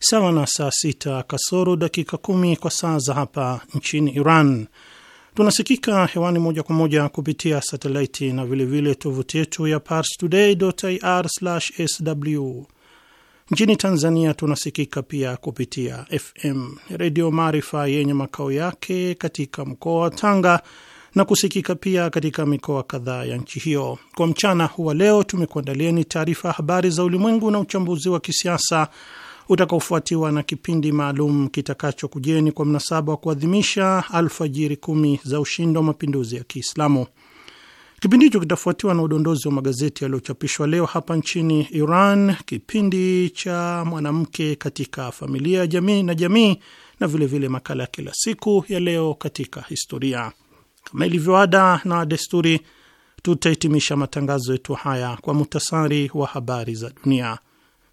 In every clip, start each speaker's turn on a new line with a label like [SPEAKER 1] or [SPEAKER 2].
[SPEAKER 1] sawa na saa sita kasoro dakika kumi kwa saa za hapa nchini Iran. Tunasikika hewani moja kwa moja kupitia satelaiti na vilevile tovuti yetu ya parstoday.ir/sw. Nchini Tanzania tunasikika pia kupitia FM Redio Maarifa yenye makao yake katika mkoa wa Tanga na kusikika pia katika mikoa kadhaa ya nchi hiyo. Kwa mchana huwa leo tumekuandalieni taarifa ya habari za ulimwengu na uchambuzi wa kisiasa utakaofuatiwa na kipindi maalum kitakachokujeni kwa mnasaba wa kuadhimisha alfajiri kumi za ushindi wa mapinduzi ya Kiislamu. Kipindi hicho kitafuatiwa na udondozi wa magazeti yaliyochapishwa leo hapa nchini Iran, kipindi cha mwanamke katika familia, jamii na jamii, na vilevile vile makala ya kila siku ya leo katika historia. Kama ilivyoada na desturi, tutahitimisha matangazo yetu haya kwa muhtasari wa habari za dunia.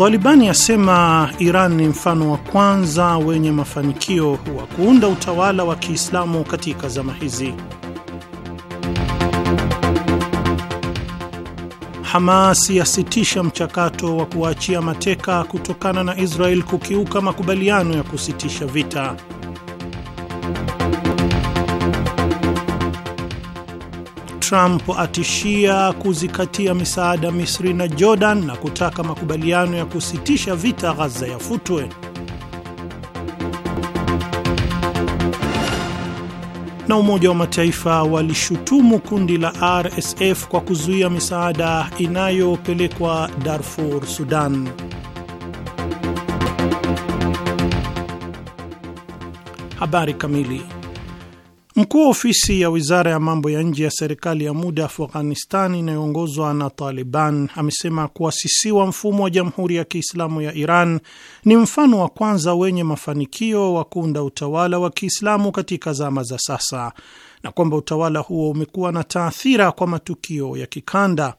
[SPEAKER 1] Talibani yasema Iran ni mfano wa kwanza wenye mafanikio wa kuunda utawala wa Kiislamu katika zama hizi. Hamas yasitisha mchakato wa kuwaachia mateka kutokana na Israel kukiuka makubaliano ya kusitisha vita. Trump atishia kuzikatia misaada Misri na Jordan na kutaka makubaliano ya kusitisha vita Ghaza yafutwe. Na Umoja wa Mataifa walishutumu kundi la RSF kwa kuzuia misaada inayopelekwa Darfur, Sudan. Habari kamili Mkuu wa ofisi ya wizara ya mambo ya nje ya serikali ya muda Afghanistan inayoongozwa na Taliban amesema kuasisiwa mfumo wa jamhuri ya Kiislamu ya Iran ni mfano wa kwanza wenye mafanikio wa kuunda utawala wa Kiislamu katika zama za sasa na kwamba utawala huo umekuwa na taathira kwa matukio ya kikanda.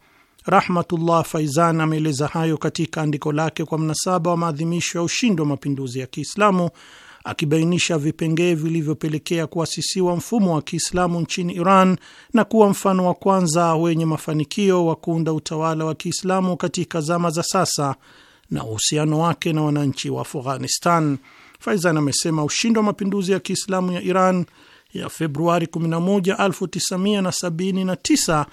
[SPEAKER 1] Rahmatullah Faizan ameeleza hayo katika andiko lake kwa mnasaba wa maadhimisho ya ushindi wa mapinduzi ya Kiislamu akibainisha vipengee vilivyopelekea kuasisiwa mfumo wa Kiislamu nchini Iran na kuwa mfano wa kwanza wenye mafanikio wa kuunda utawala wa Kiislamu katika zama za sasa na uhusiano wake na wananchi wa Afghanistan. Faizan amesema ushindi wa mapinduzi ya Kiislamu ya Iran ya Februari 11, 1979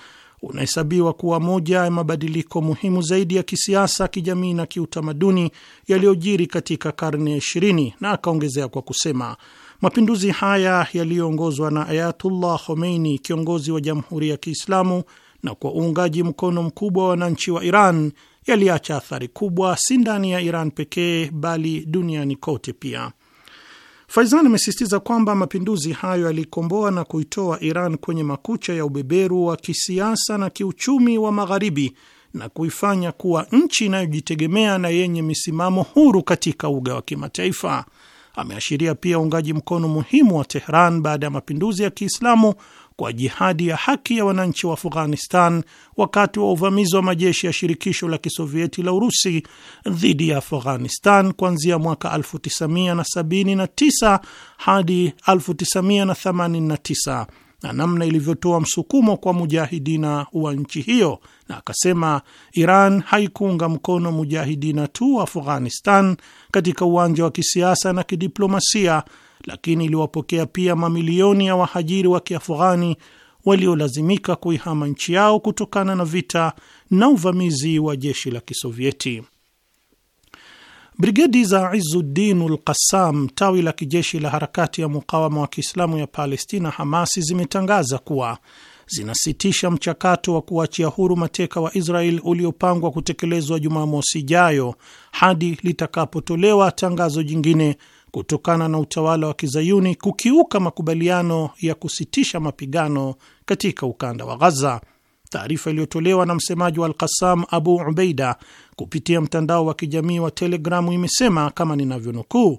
[SPEAKER 1] unahesabiwa kuwa moja ya mabadiliko muhimu zaidi ya kisiasa, kijamii na kiutamaduni yaliyojiri katika karne ya ishirini, na akaongezea kwa kusema mapinduzi haya yaliyoongozwa na Ayatullah Khomeini, kiongozi wa Jamhuri ya Kiislamu, na kwa uungaji mkono mkubwa wa wananchi wa Iran yaliacha athari kubwa si ndani ya Iran pekee bali duniani kote pia. Faizan amesisitiza kwamba mapinduzi hayo yalikomboa na kuitoa Iran kwenye makucha ya ubeberu wa kisiasa na kiuchumi wa Magharibi na kuifanya kuwa nchi inayojitegemea na yenye misimamo huru katika uga wa kimataifa. Ameashiria pia uungaji mkono muhimu wa Tehran baada ya mapinduzi ya Kiislamu kwa jihadi ya haki ya wananchi wa Afghanistan wakati wa uvamizi wa majeshi ya shirikisho la kisovieti la Urusi dhidi ya Afghanistan kuanzia mwaka 1979 hadi 1989 na namna ilivyotoa msukumo kwa mujahidina wa nchi hiyo, na akasema Iran haikuunga mkono mujahidina tu wa Afghanistan katika uwanja wa kisiasa na kidiplomasia lakini iliwapokea pia mamilioni ya wahajiri wa Kiafghani waliolazimika kuihama nchi yao kutokana na vita na uvamizi wa jeshi la Kisovyeti. Brigedi za Izuddin ul Qassam, tawi la kijeshi la harakati ya mukawama wa Kiislamu ya Palestina, Hamasi, zimetangaza kuwa zinasitisha mchakato wa kuachia huru mateka wa Israel uliopangwa kutekelezwa Jumamosi ijayo hadi litakapotolewa tangazo jingine kutokana na utawala wa kizayuni kukiuka makubaliano ya kusitisha mapigano katika ukanda wa Ghaza. Taarifa iliyotolewa na msemaji wa alkasam Abu Ubeida kupitia mtandao wa kijamii wa Telegramu imesema kama ninavyonukuu,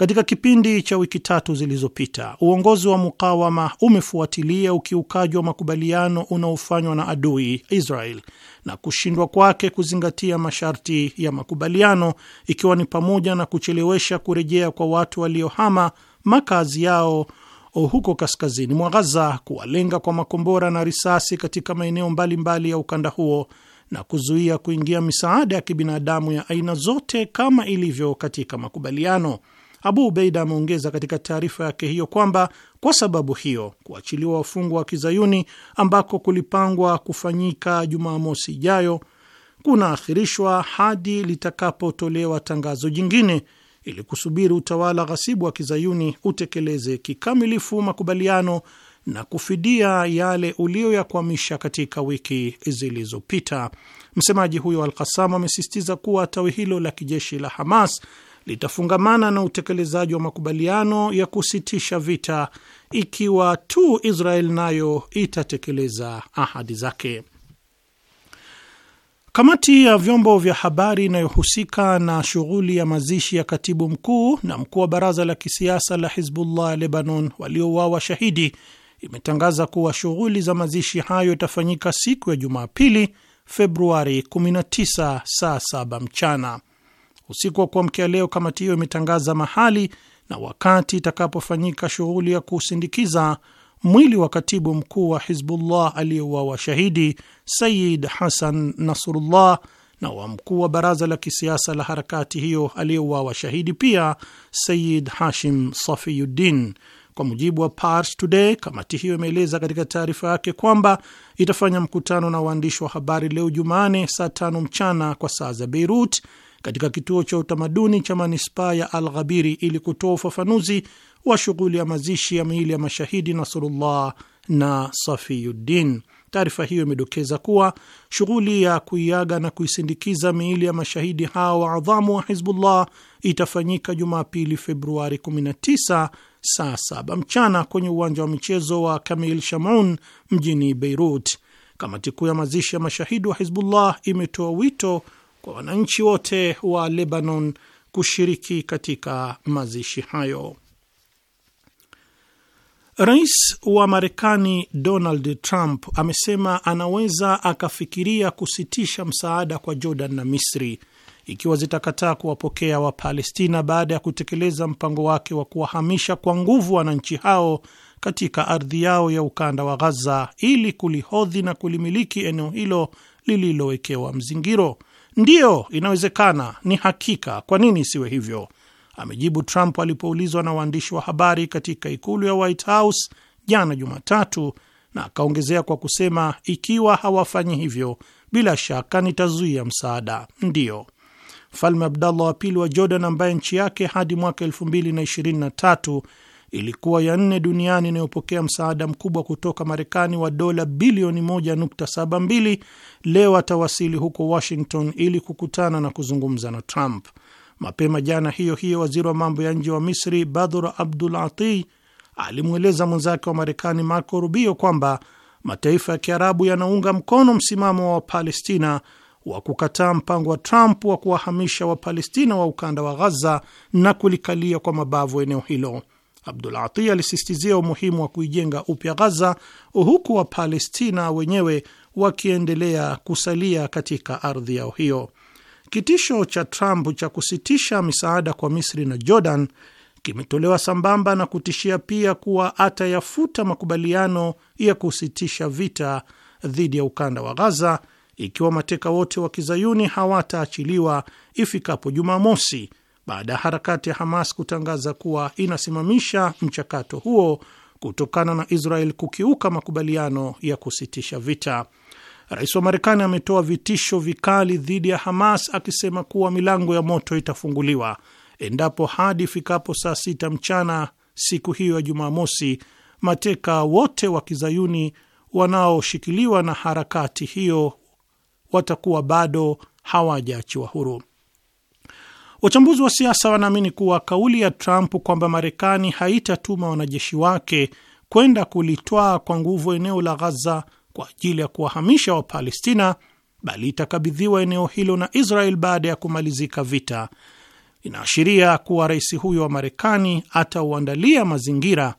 [SPEAKER 1] katika kipindi cha wiki tatu zilizopita, uongozi wa mukawama umefuatilia ukiukaji wa makubaliano unaofanywa na adui Israel na kushindwa kwake kuzingatia masharti ya makubaliano, ikiwa ni pamoja na kuchelewesha kurejea kwa watu waliohama makazi yao huko kaskazini mwa ghaza kuwalenga kwa makombora na risasi katika maeneo mbalimbali ya ukanda huo na kuzuia kuingia misaada ya kibinadamu ya aina zote kama ilivyo katika makubaliano. Abu Ubeida ameongeza katika taarifa yake hiyo kwamba kwa sababu hiyo kuachiliwa wafungwa wa kizayuni ambako kulipangwa kufanyika Jumamosi ijayo kunaakhirishwa hadi litakapotolewa tangazo jingine ili kusubiri utawala ghasibu wa kizayuni utekeleze kikamilifu makubaliano na kufidia yale ulioyakwamisha katika wiki zilizopita. Msemaji huyo Al Qassam amesisitiza kuwa tawi hilo la kijeshi la Hamas litafungamana na utekelezaji wa makubaliano ya kusitisha vita ikiwa tu Israel nayo itatekeleza ahadi zake. Kamati ya vyombo vya habari inayohusika na, na shughuli ya mazishi ya katibu mkuu na mkuu wa baraza la kisiasa la Hizbullah Lebanon waliouawa shahidi imetangaza kuwa shughuli za mazishi hayo itafanyika siku ya Jumapili, Februari 19 saa 7 mchana. Usiku wa kuamkia leo, kamati hiyo imetangaza mahali na wakati itakapofanyika shughuli ya kusindikiza mwili wa katibu mkuu wa Hizbullah aliyeuawa shahidi Sayid Hasan Nasrullah na wa mkuu wa baraza la kisiasa la harakati hiyo aliyeuawa shahidi pia Sayid Hashim Safiyuddin. Kwa mujibu wa Pars Today, kamati hiyo imeeleza katika taarifa yake kwamba itafanya mkutano na waandishi wa habari leo Jumane saa tano mchana kwa saa za Beirut katika kituo cha utamaduni cha manispaa ya Al Ghabiri ili kutoa ufafanuzi wa shughuli ya mazishi ya miili ya mashahidi Nasrullah na Safiyuddin. Taarifa hiyo imedokeza kuwa shughuli ya kuiaga na kuisindikiza miili ya mashahidi wa adhamu wa Hizbullah itafanyika Jumapili, Februari 19 saa saba mchana kwenye uwanja wa michezo wa Kamil Shamun mjini Beirut. Kamati kuu ya mazishi ya mashahidi wa Hizbullah imetoa wito kwa wananchi wote wa Lebanon kushiriki katika mazishi hayo. Rais wa Marekani Donald Trump amesema anaweza akafikiria kusitisha msaada kwa Jordan na Misri ikiwa zitakataa kuwapokea Wapalestina baada ya kutekeleza mpango wake wa kuwahamisha kwa nguvu wananchi hao katika ardhi yao ya ukanda wa Ghaza ili kulihodhi na kulimiliki eneo hilo lililowekewa mzingiro. Ndiyo, inawezekana, ni hakika, kwa nini isiwe hivyo? Amejibu Trump alipoulizwa na waandishi wa habari katika ikulu ya White House jana Jumatatu, na akaongezea kwa kusema, ikiwa hawafanyi hivyo, bila shaka nitazuia msaada. Ndiyo, Mfalme Abdallah wa Pili wa Jordan, ambaye nchi yake hadi mwaka 2023 ilikuwa ya nne duniani inayopokea msaada mkubwa kutoka Marekani wa dola bilioni 1.72 leo atawasili huko Washington ili kukutana na kuzungumza na Trump. Mapema jana hiyo hiyo, waziri wa mambo ya nje wa Misri Badr Abdul Ati alimweleza mwenzake wa Marekani Marco Rubio kwamba mataifa ya Kiarabu yanaunga mkono msimamo wa Wapalestina wa kukataa mpango wa Trump wa kuwahamisha Wapalestina wa ukanda wa Ghaza na kulikalia kwa mabavu eneo hilo. Abdul Ati alisistizia umuhimu wa kuijenga upya Ghaza, huku Wapalestina wenyewe wakiendelea kusalia katika ardhi yao hiyo. Kitisho cha Trump cha kusitisha misaada kwa Misri na Jordan kimetolewa sambamba na kutishia pia kuwa atayafuta makubaliano ya kusitisha vita dhidi ya ukanda wa Ghaza ikiwa mateka wote wa kizayuni hawataachiliwa ifikapo Jumamosi, baada ya harakati ya Hamas kutangaza kuwa inasimamisha mchakato huo kutokana na Israel kukiuka makubaliano ya kusitisha vita. Rais wa Marekani ametoa vitisho vikali dhidi ya Hamas akisema kuwa milango ya moto itafunguliwa endapo hadi ifikapo saa sita mchana siku hiyo ya Jumamosi mateka wote wa kizayuni wanaoshikiliwa na harakati hiyo watakuwa bado hawajaachiwa huru. Wachambuzi wa siasa wanaamini kuwa kauli ya Trump kwamba Marekani haitatuma wanajeshi wake kwenda kulitwaa kwa nguvu eneo la Ghaza kwa ajili ya kuwahamisha Wapalestina, bali itakabidhiwa eneo hilo na Israel baada ya kumalizika vita, inaashiria kuwa rais huyo wa Marekani atauandalia mazingira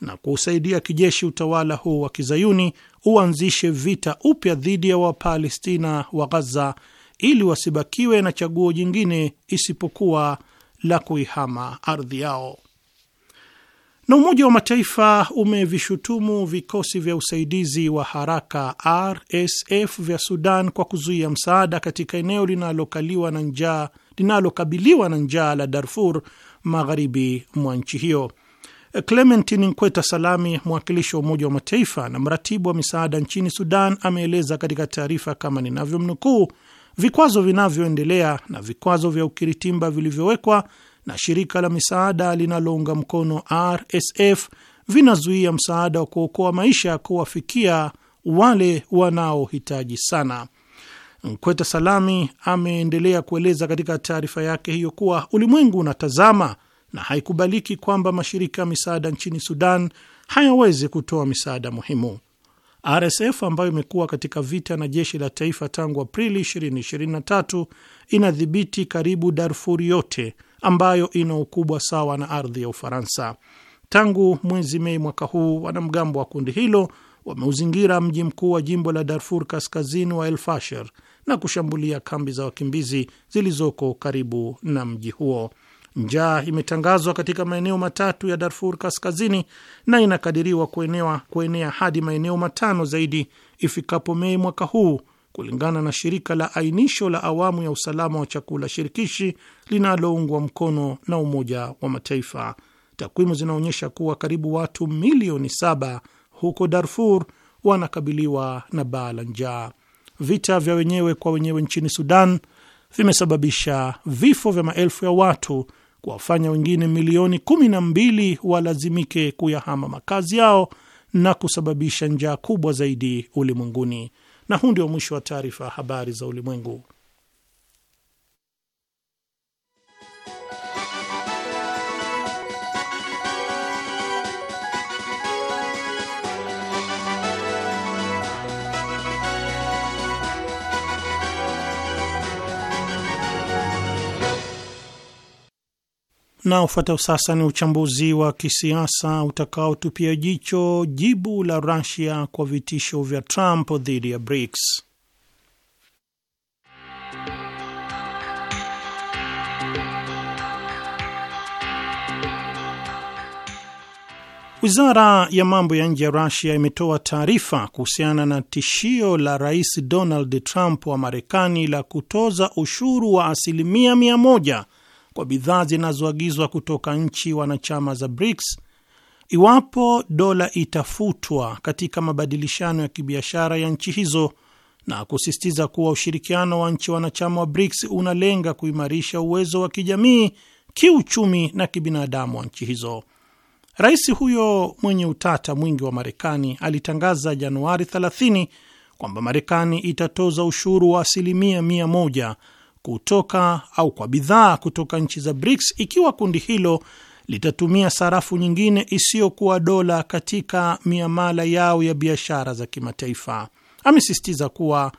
[SPEAKER 1] na kuusaidia kijeshi utawala huo wa kizayuni uanzishe vita upya dhidi ya Wapalestina wa Ghaza ili wasibakiwe na chaguo jingine isipokuwa la kuihama ardhi yao. Na Umoja wa Mataifa umevishutumu vikosi vya usaidizi wa haraka RSF vya Sudan kwa kuzuia msaada katika eneo linalokaliwa na njaa linalokabiliwa na njaa la Darfur magharibi mwa nchi hiyo. Clementine Nkweta Salami, mwakilishi wa Umoja wa Mataifa na mratibu wa misaada nchini Sudan, ameeleza katika taarifa kama ninavyomnukuu, vikwazo vinavyoendelea na vikwazo vya ukiritimba vilivyowekwa na shirika la misaada linalounga mkono RSF vinazuia msaada wa kuokoa maisha kuwafikia wale wanaohitaji sana. Mkweta Salami ameendelea kueleza katika taarifa yake hiyo kuwa ulimwengu unatazama na haikubaliki kwamba mashirika ya misaada nchini Sudan hayawezi kutoa misaada muhimu. RSF ambayo imekuwa katika vita na jeshi la taifa tangu Aprili 2023 inadhibiti karibu Darfur yote ambayo ina ukubwa sawa na ardhi ya Ufaransa. Tangu mwezi Mei mwaka huu, wanamgambo wa kundi hilo wameuzingira mji mkuu wa jimbo la Darfur kaskazini wa elfasher na kushambulia kambi za wakimbizi zilizoko karibu na mji huo. Njaa imetangazwa katika maeneo matatu ya Darfur Kaskazini na inakadiriwa kuenewa, kuenea hadi maeneo matano zaidi ifikapo Mei mwaka huu kulingana na shirika la ainisho la awamu ya usalama wa chakula shirikishi linaloungwa mkono na Umoja wa Mataifa. Takwimu zinaonyesha kuwa karibu watu milioni saba huko Darfur wanakabiliwa na baa la njaa. Vita vya wenyewe kwa wenyewe nchini Sudan vimesababisha vifo vya maelfu ya watu kuwafanya wengine milioni kumi na mbili walazimike kuyahama makazi yao na kusababisha njaa kubwa zaidi ulimwenguni. Na huu ndio mwisho wa taarifa ya habari za ulimwengu. Na ufuatao sasa ni uchambuzi wa kisiasa utakaotupia jicho jibu la Russia kwa vitisho vya Trump dhidi ya BRICS. Wizara ya mambo ya nje ya Rusia imetoa taarifa kuhusiana na tishio la Rais Donald Trump wa Marekani la kutoza ushuru wa asilimia mia moja kwa bidhaa zinazoagizwa kutoka nchi wanachama za BRICS iwapo dola itafutwa katika mabadilishano ya kibiashara ya nchi hizo na kusisitiza kuwa ushirikiano wa nchi wanachama wa BRICS unalenga kuimarisha uwezo wa kijamii, kiuchumi na kibinadamu wa nchi hizo. Rais huyo mwenye utata mwingi wa Marekani alitangaza Januari 30 kwamba Marekani itatoza ushuru wa asilimia mia moja kutoka au kwa bidhaa kutoka nchi za BRICS ikiwa kundi hilo litatumia sarafu nyingine isiyokuwa dola katika miamala yao ya biashara za kimataifa. Amesisitiza kuwa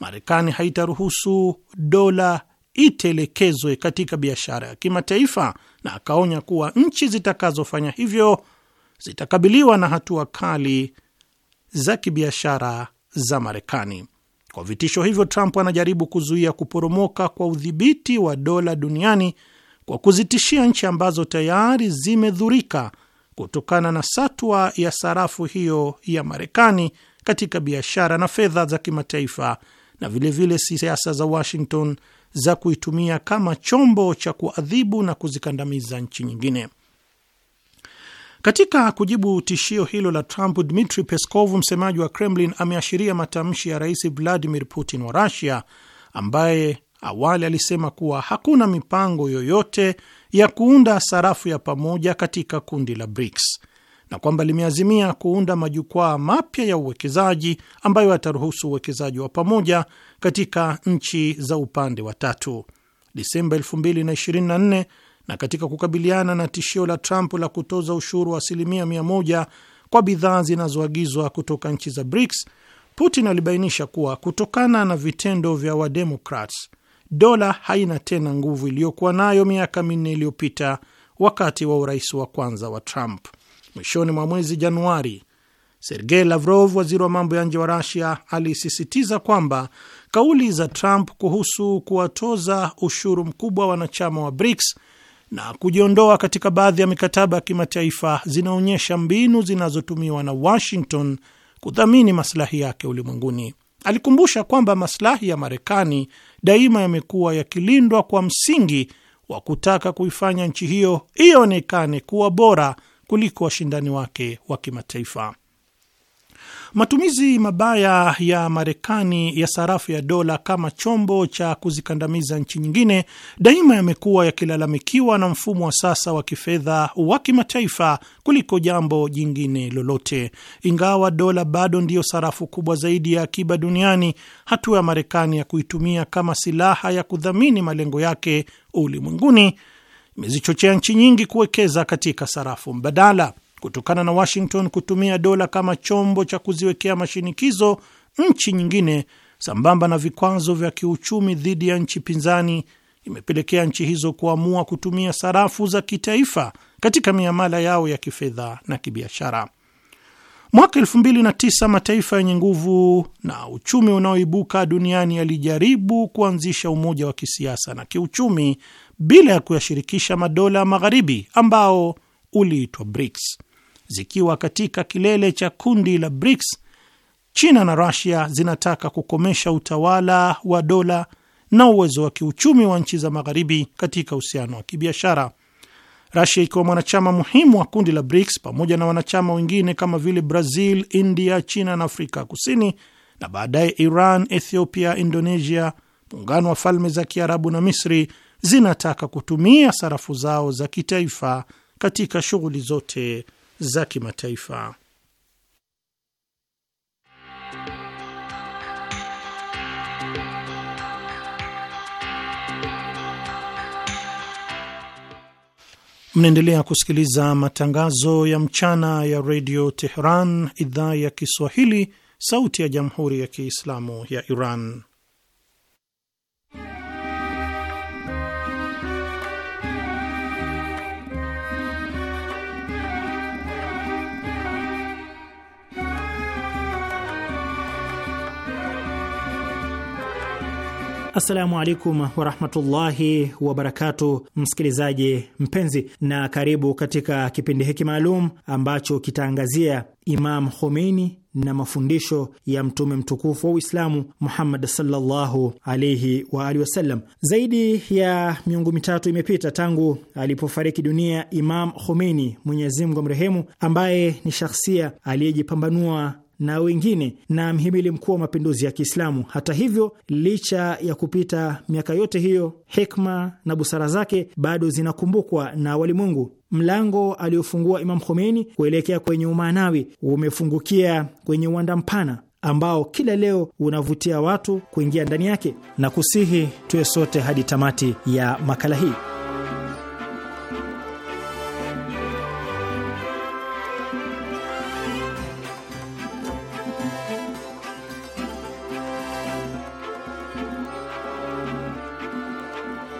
[SPEAKER 1] Marekani haitaruhusu dola itelekezwe katika biashara ya kimataifa, na akaonya kuwa nchi zitakazofanya hivyo zitakabiliwa na hatua kali za kibiashara za Marekani. Kwa vitisho hivyo, Trump anajaribu kuzuia kuporomoka kwa udhibiti wa dola duniani kwa kuzitishia nchi ambazo tayari zimedhurika kutokana na satwa ya sarafu hiyo ya Marekani katika biashara na fedha za kimataifa na vilevile siasa za Washington za kuitumia kama chombo cha kuadhibu na kuzikandamiza nchi nyingine. Katika kujibu tishio hilo la Trump, Dmitri Peskov, msemaji wa Kremlin, ameashiria matamshi ya Rais Vladimir Putin wa Russia ambaye awali alisema kuwa hakuna mipango yoyote ya kuunda sarafu ya pamoja katika kundi la BRICS na kwamba limeazimia kuunda majukwaa mapya ya uwekezaji ambayo yataruhusu uwekezaji wa pamoja katika nchi za upande wa tatu. Disemba na katika kukabiliana na tishio la Trump la kutoza ushuru wa asilimia mia moja kwa bidhaa zinazoagizwa kutoka nchi za BRICS, Putin alibainisha kuwa kutokana na vitendo vya Wademokrats, dola haina tena nguvu iliyokuwa nayo miaka minne iliyopita wakati wa urais wa kwanza wa Trump. Mwishoni mwa mwezi Januari, Sergei Lavrov, waziri wa mambo ya nje wa Rusia, alisisitiza kwamba kauli za Trump kuhusu kuwatoza ushuru mkubwa wanachama wa BRICS na kujiondoa katika baadhi ya mikataba ya kimataifa zinaonyesha mbinu zinazotumiwa na Washington kudhamini maslahi yake ulimwenguni. Alikumbusha kwamba maslahi ya Marekani daima yamekuwa yakilindwa kwa msingi wa kutaka kuifanya nchi hiyo ionekane kuwa bora kuliko washindani wake wa kimataifa. Matumizi mabaya ya Marekani ya sarafu ya dola kama chombo cha kuzikandamiza nchi nyingine daima yamekuwa yakilalamikiwa na mfumo wa sasa wa kifedha wa kimataifa kuliko jambo jingine lolote. Ingawa dola bado ndiyo sarafu kubwa zaidi ya akiba duniani, hatua ya Marekani ya kuitumia kama silaha ya kudhamini malengo yake ulimwenguni imezichochea nchi nyingi kuwekeza katika sarafu mbadala kutokana na Washington kutumia dola kama chombo cha kuziwekea mashinikizo nchi nyingine, sambamba na vikwazo vya kiuchumi dhidi ya nchi pinzani, imepelekea nchi hizo kuamua kutumia sarafu za kitaifa katika miamala yao ya kifedha na kibiashara. Mwaka 29 mataifa yenye nguvu na uchumi unaoibuka duniani yalijaribu kuanzisha umoja wa kisiasa na kiuchumi bila ya kuyashirikisha madola ya magharibi ambao uliitwa BRICS zikiwa katika kilele cha kundi la BRICS, China na Russia zinataka kukomesha utawala wa dola na uwezo wa kiuchumi wa nchi za magharibi katika uhusiano wa kibiashara. Rasia ikiwa mwanachama muhimu wa kundi la BRICS pamoja na wanachama wengine kama vile Brazil, India, China na Afrika Kusini, na baadaye Iran, Ethiopia, Indonesia, muungano wa falme za Kiarabu na Misri zinataka kutumia sarafu zao za kitaifa katika shughuli zote za kimataifa. Mnaendelea kusikiliza matangazo ya mchana ya redio Teheran, idhaa ya Kiswahili, sauti ya jamhuri ya kiislamu ya Iran.
[SPEAKER 2] Assalamu alaikum warahmatullahi wabarakatu, msikilizaji mpenzi, na karibu katika kipindi hiki maalum ambacho kitaangazia Imam Khomeini na mafundisho ya mtume mtukufu wa Uislamu Muhammad sallallahu alaihi wa alihi wasallam. Zaidi ya miongo mitatu imepita tangu alipofariki dunia Imam Khomeini, Mwenyezi Mungu amrehemu, ambaye ni shakhsia aliyejipambanua na wengine na mhimili mkuu wa mapinduzi ya Kiislamu. Hata hivyo, licha ya kupita miaka yote hiyo, hekma na busara zake bado zinakumbukwa na walimwengu. Mlango aliofungua Imam Khomeini kuelekea kwenye umaanawi umefungukia kwenye uwanda mpana ambao kila leo unavutia watu kuingia ndani yake, na kusihi tuwe sote hadi tamati ya makala hii.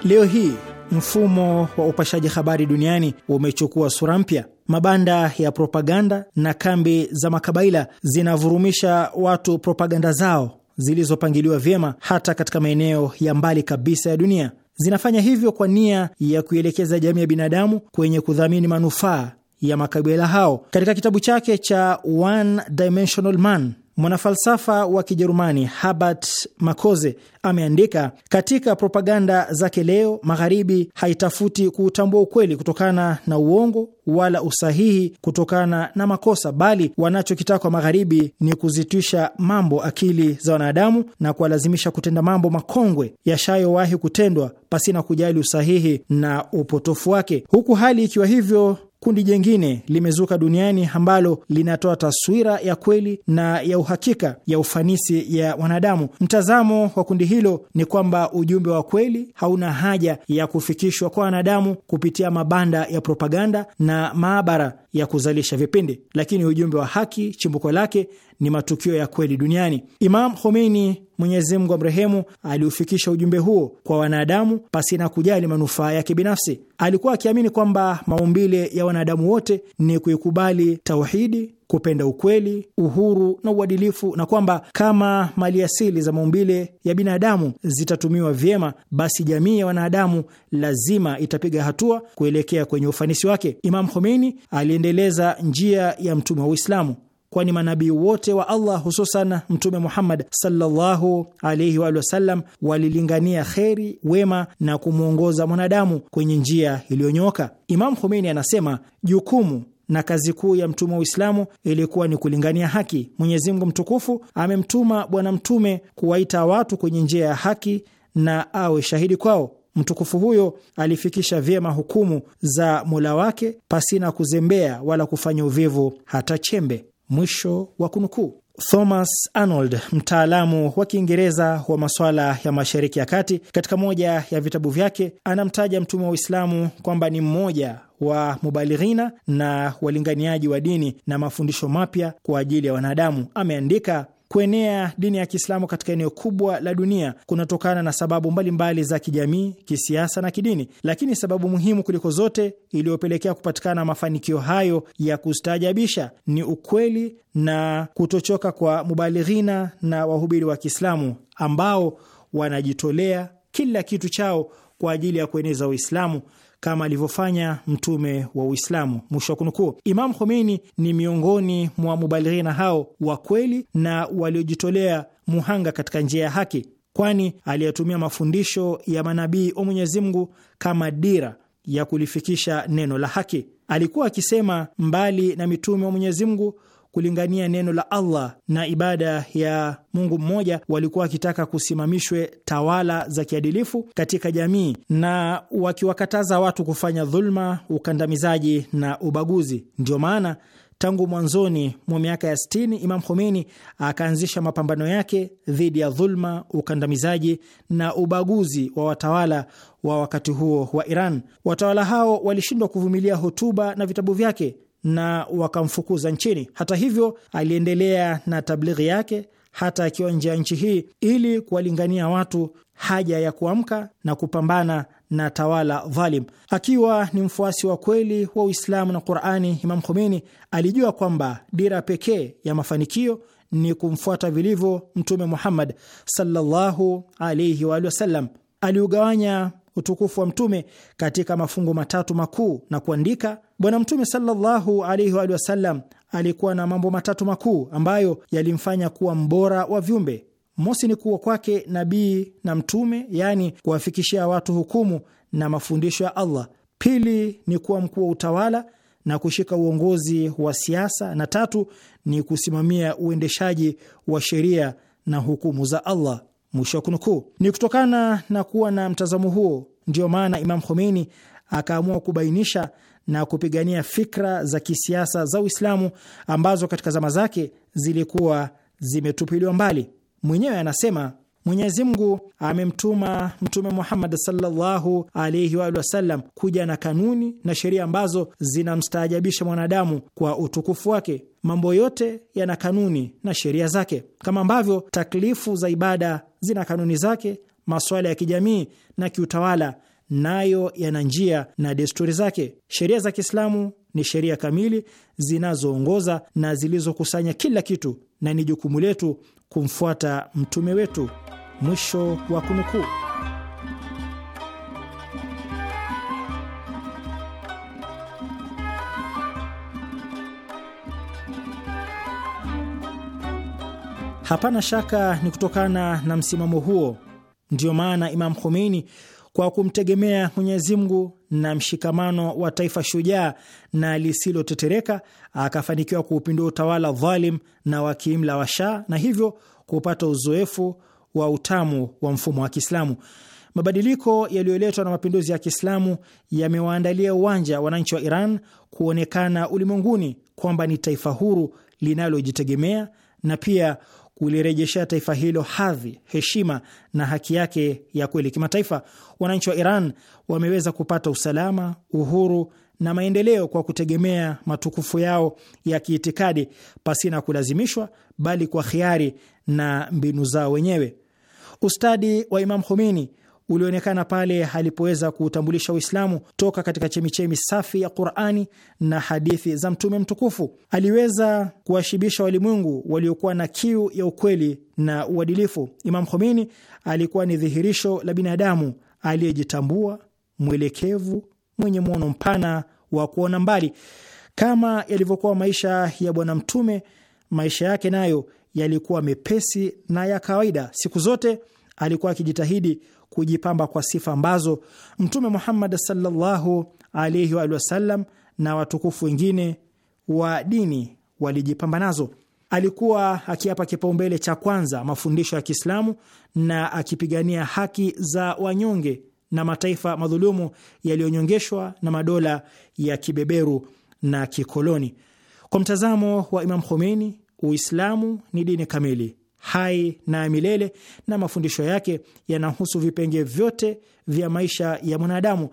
[SPEAKER 2] Leo hii mfumo wa upashaji habari duniani umechukua sura mpya. Mabanda ya propaganda na kambi za makabaila zinavurumisha watu propaganda zao zilizopangiliwa vyema, hata katika maeneo ya mbali kabisa ya dunia. Zinafanya hivyo kwa nia ya kuielekeza jamii ya binadamu kwenye kudhamini manufaa ya makabila hao. Katika kitabu chake cha One Dimensional Man Mwanafalsafa wa Kijerumani Herbert makoze ameandika, katika propaganda zake leo Magharibi haitafuti kuutambua ukweli kutokana na uongo wala usahihi kutokana na makosa, bali wanachokitaka Magharibi ni kuzitwisha mambo akili za wanadamu na kuwalazimisha kutenda mambo makongwe yashayowahi kutendwa pasina kujali usahihi na upotofu wake. Huku hali ikiwa hivyo kundi jengine limezuka duniani ambalo linatoa taswira ya kweli na ya uhakika ya ufanisi ya wanadamu. Mtazamo wa kundi hilo ni kwamba ujumbe wa kweli hauna haja ya kufikishwa kwa wanadamu kupitia mabanda ya propaganda na maabara ya kuzalisha vipindi, lakini ujumbe wa haki chimbuko lake ni matukio ya kweli duniani. Imam Khomeini, Mwenyezi Mungu amrehemu, aliufikisha ujumbe huo kwa wanadamu pasina kujali manufaa yake binafsi. Alikuwa akiamini kwamba maumbile ya wanadamu wote ni kuikubali tauhidi kupenda ukweli, uhuru na uadilifu, na kwamba kama maliasili za maumbile ya binadamu zitatumiwa vyema, basi jamii ya wanadamu lazima itapiga hatua kuelekea kwenye ufanisi wake. Imam Khomeini aliendeleza njia ya mtume wa Uislamu, kwani manabii wote wa Allah hususan Mtume Muhammad sallallahu alaihi wa sallam walilingania kheri, wema na kumwongoza mwanadamu kwenye njia iliyonyooka. Imam Khomeini anasema jukumu na kazi kuu ya mtume wa Uislamu ilikuwa ni kulingania haki. Mwenyezi Mungu mtukufu amemtuma Bwana Mtume kuwaita watu kwenye njia ya haki na awe shahidi kwao. Mtukufu huyo alifikisha vyema hukumu za Mola wake pasina kuzembea wala kufanya uvivu hata chembe. Mwisho wa kunukuu. Thomas Arnold, mtaalamu wa Kiingereza wa maswala ya Mashariki ya Kati, katika moja ya vitabu vyake anamtaja mtume wa Uislamu kwamba ni mmoja wa mubalighina na walinganiaji wa dini na mafundisho mapya kwa ajili ya wanadamu. Ameandika, kuenea dini ya Kiislamu katika eneo kubwa la dunia kunatokana na sababu mbalimbali mbali za kijamii, kisiasa na kidini, lakini sababu muhimu kuliko zote iliyopelekea kupatikana mafanikio hayo ya kustaajabisha ni ukweli na kutochoka kwa mubalighina na wahubiri wa Kiislamu ambao wanajitolea kila kitu chao kwa ajili ya kueneza Uislamu kama alivyofanya mtume wa Uislamu, mwisho wa kunukuu. imamu Khomeini ni miongoni mwa mubalighina hao wa kweli na waliojitolea muhanga katika njia ya haki, kwani aliyatumia mafundisho ya manabii wa Mwenyezi Mungu kama dira ya kulifikisha neno la haki. Alikuwa akisema, mbali na mitume wa Mwenyezi Mungu kulingania neno la Allah na ibada ya Mungu mmoja, walikuwa wakitaka kusimamishwe tawala za kiadilifu katika jamii na wakiwakataza watu kufanya dhulma, ukandamizaji na ubaguzi. ndio maana tangu mwanzoni mwa miaka ya 60 Imam Khomeini akaanzisha mapambano yake dhidi ya dhulma, ukandamizaji na ubaguzi wa watawala wa wakati huo wa Iran. Watawala hao walishindwa kuvumilia hotuba na vitabu vyake na wakamfukuza nchini. Hata hivyo, aliendelea na tablighi yake hata akiwa nje ya nchi hii ili kuwalingania watu haja ya kuamka na kupambana na tawala dhalim. Akiwa ni mfuasi wa kweli wa Uislamu na Qurani, Imam Khomeini alijua kwamba dira pekee ya mafanikio ni kumfuata vilivyo Mtume Muhammad sallallahu alaihi wa alihi wasallam. Aliugawanya utukufu wa Mtume katika mafungu matatu makuu na kuandika Bwana Mtume sallallahu alaihi wa sallam alikuwa na mambo matatu makuu ambayo yalimfanya kuwa mbora wa viumbe. Mosi ni kuwa kwake nabii na mtume, yaani kuwafikishia watu hukumu na mafundisho ya Allah. Pili ni kuwa mkuu wa utawala na kushika uongozi wa siasa, na tatu ni kusimamia uendeshaji wa sheria na hukumu za Allah. Mwisho wa kunukuu. Ni kutokana na kuwa na mtazamo huo ndiyo maana Imam Khomeini akaamua kubainisha na kupigania fikra za kisiasa za Uislamu ambazo katika zama zake zilikuwa zimetupiliwa mbali. Mwenyewe anasema Mwenyezi Mungu amemtuma Mtume Muhammad sallallahu alaihi waalihi wasallam kuja na kanuni na sheria ambazo zinamstaajabisha mwanadamu kwa utukufu wake. Mambo yote yana kanuni na sheria zake, kama ambavyo taklifu za ibada zina kanuni zake, masuala ya kijamii na kiutawala nayo yana njia na desturi zake. Sheria za Kiislamu ni sheria kamili zinazoongoza na zilizokusanya kila kitu, na ni jukumu letu kumfuata mtume wetu. Mwisho wa kunukuu. Hapana shaka ni kutokana na msimamo huo ndiyo maana Imam Khomeini kwa kumtegemea Mwenyezi Mungu na mshikamano wa taifa shujaa na lisilotetereka, akafanikiwa kuupindua utawala dhalim na wa kiimla wa Shah na hivyo kupata uzoefu wa utamu wa mfumo wa Kiislamu. Mabadiliko yaliyoletwa na mapinduzi ya Kiislamu yamewaandalia uwanja wananchi wa Iran kuonekana ulimwenguni kwamba ni taifa huru linalojitegemea na pia kulirejeshea taifa hilo hadhi, heshima na haki yake ya kweli kimataifa. Wananchi wa Iran wameweza kupata usalama, uhuru na maendeleo kwa kutegemea matukufu yao ya kiitikadi pasina kulazimishwa, bali kwa khiari na mbinu zao wenyewe. Ustadi wa Imam Khomeini ulionekana pale alipoweza kuutambulisha Uislamu toka katika chemichemi safi ya Qurani na hadithi za Mtume mtukufu. Aliweza kuwashibisha walimwengu waliokuwa na kiu ya ukweli na uadilifu. Imam Khomeini alikuwa ni dhihirisho la binadamu aliyejitambua, mwelekevu, mwenye mwono mpana wa kuona mbali. Kama yalivyokuwa maisha ya Bwana Mtume, maisha yake nayo yalikuwa mepesi na ya kawaida. Siku zote alikuwa akijitahidi kujipamba kwa sifa ambazo Mtume Muhammad sallallahu alaihi wa sallam na watukufu wengine wa dini walijipamba nazo. Alikuwa akiapa kipaumbele cha kwanza mafundisho ya Kiislamu na akipigania haki za wanyonge na mataifa madhulumu yaliyonyongeshwa na madola ya kibeberu na kikoloni. Kwa mtazamo wa Imam Khomeini, Uislamu ni dini kamili hai na milele, na mafundisho yake yanahusu vipenge vyote vya maisha ya mwanadamu.